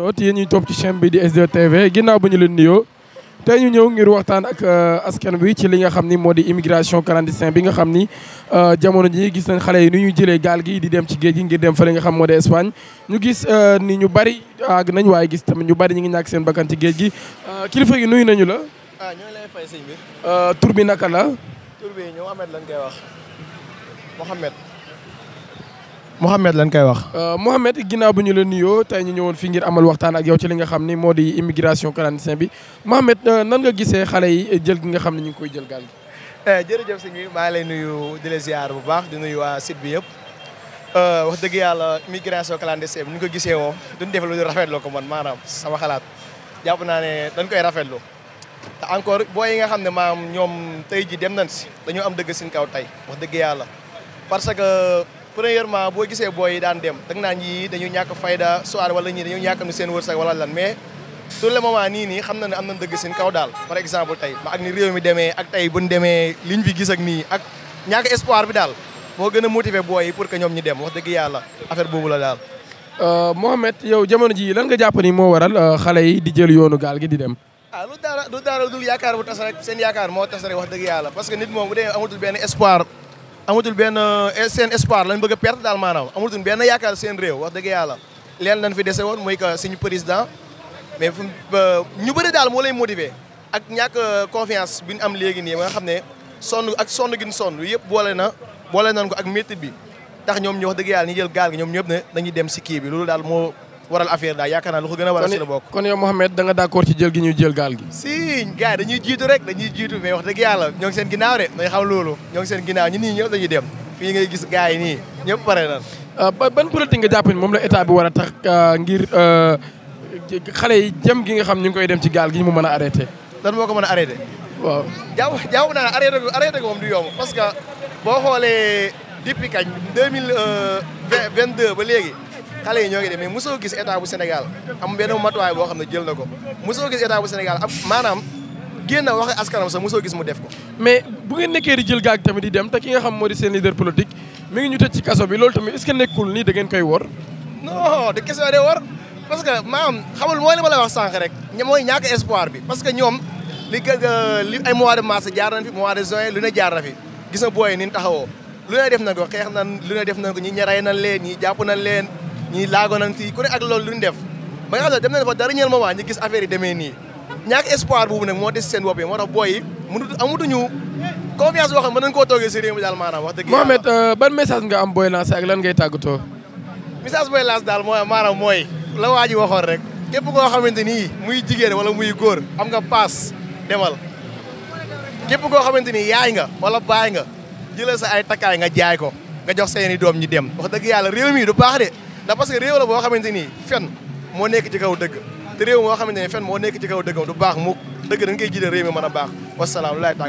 noot yéen ñuy topp ci chaîne bi di s tv ginnaaw ba ñu leen nuyoo tey ñu ñëw ngir waxtaan ak euh, askan wi ci li nga xam ni moo di immigration clandestin bi nga xam ni euh, jamono ji gis nañ xale yi ni ñuy jëlee gaal gi di dem ci géej gi ngir dem fa li nga xam moo di Espagne ñu gis euh, ni ñu bari àgg nañ waaye gis tamit ñu bari ñu ngi ñàkk seen bakkan ci géej gi kilifa gi nuyu nañu la. ah ñoo lay fay bi. naka la. tur bi ñoom Ahmed lañ koy wax Mohamed. Mouhamed lan koy wax. Euh, Mouhamed ginnaaw bu ñu la nuyoo tey ñu ñëwoon fii ngir amal waxtaan ak yow ci li nga xam ni moo di immigration clandestin bi Mouhamed euh, nan nga gisee xale yi jël gi nga xam ne ñu ngi koy jël gaal gi. Eh, jërëjëf sëñ bi maa ngi lay nuyu di bu baax di nuyu waa site bi yëpp euh, wax dëgg yàlla immigration clandestine bi ñu ko gisee woo duñ def lu rafetlu ko man maanaam sama xalaat jàpp naa ne dañ koy rafetlu te encore boo yi nga xam ne maam ñoom tey ji dem nañ si dañoo am dëgg si kaw tey wax yàlla premièrement bo gisé boy daan dem da nañ yi dañu ñak fayda soir wala ñi dañu ñak ñu seen wërsak wala lan mais tout le moment ni ni xamna ni amna am seen kaw dal par exemple tay ma ak ni réew mi démé ak tay buñ démé liñ fi gis ak ni ak ñak espoir bi dal mo gëna motiver boy yi pour que ñom ñi dem wax dëgg yalla affaire bobu la dal euh mohammed yow jamono ji lan nga japp ni mo waral euh, xalé yi di jël yoonu gal gi di dem ah lu dara du dara dul yaakaar bu tas rek seen yaakaar mo tas rek wax dëgg yalla parce que nit moom bu demee amatul ben espoir amatul benn eh, seen espoir lañ bëgg a perte daal maanaam amatul benn yaakaar seen réew wax dëgg yàlla leen lañ fi dese woon mooy que suñu président mais fu euh, ñu bëri daal moo lay motiver ak ñàkk euh, confiance bi ñu am léegi nii ba nga xam ne sonn ak sonn gi ñu sonn yëpp boole na boole nañ ko ak métti bi tax ñoom ñu wax dëgg yàlla ñu jël gaal gi ñoom ñëpp na dañuy dem si kii bi loolu daal moo waral affaire daal yaakaar naa lu ko gën a waral si la bokk kon yow Mouhamed da nga ci jël gi ñuy jël gaal gi si gars dañuy jiitu rek dañuy jiitu mais wax dëgg yàlla ñoo ngi seen ginnaaw de dañ xam loolu ñoo ngi seen ginnaaw ñu nii ñëpp dañuy dem fii nga gis gars yi nii ñëpp pare na euh, ban politique nga jàpp ni moom la état bi war a tax euh, ngir euh, xale yi jëm gi nga xam ñu ngi koy dem ci gaal gi ma mën a arrêté lan moo ko mën a arrêté waaw jaaw jaaw naa arrêté ko arrêté ko moom parce que boo xoolee depuis kañ 2022 ba léegi xale yi ñoo ngi dem mais mosoo gis état bu Sénégal am benn matuwaay boo xam ne jël na ko mosoo gis état bu Sénégal am maanaam génn wax askanam sax mosoo gis mu def ko. mais bu ngeen nekkee di jël gaag tamit di dem te ki nga xam moo di seen leader politique mi ngi ñu tëj ci kaso bi loolu tamit koy wor. non de question de wor parce que maanaam xamul mooy li ma la wax sànq rek mooy ñàkk espoir bi parce que ñoom li li ay mois de mars jaar nañ fi mois de juin lu ne jaar na fi gis na booy ni taxawoo na na ko ñii laago nañ si ku ne ak loolu lu ñu def ba nga xam ne dem nañ gis affaire yi demee nii ñaak espoir boobu na moo des seen bopp yi moo tax booy yi mënut amutuñu confiance boo xam ne mën nañ koo toogee si réew mi daal maanaam wax dëgg Mohamed euh, ban message nga am booy lancé ak lan ngay tàggatoo message booy lancé daal mooy maanaam mooy la waa ji waxoon rek képp koo xamante ni muy jigéen wala muy góor am nga paas demal képp koo xamante ni yaay nga wala baay nga jëlal sa ay takkaay nga jaay ko nga jox seeni doom ñi dem wax dëgg yàlla réew mi du baax ndax que réew la boo xamante ni fen moo nekk ci kaw dëgg te réew moo xamante ni fen moo nekk ci kaw dëggam du baax mukk dëgg dañ koy jiite réew mi mën a baax wasalaam laay tàng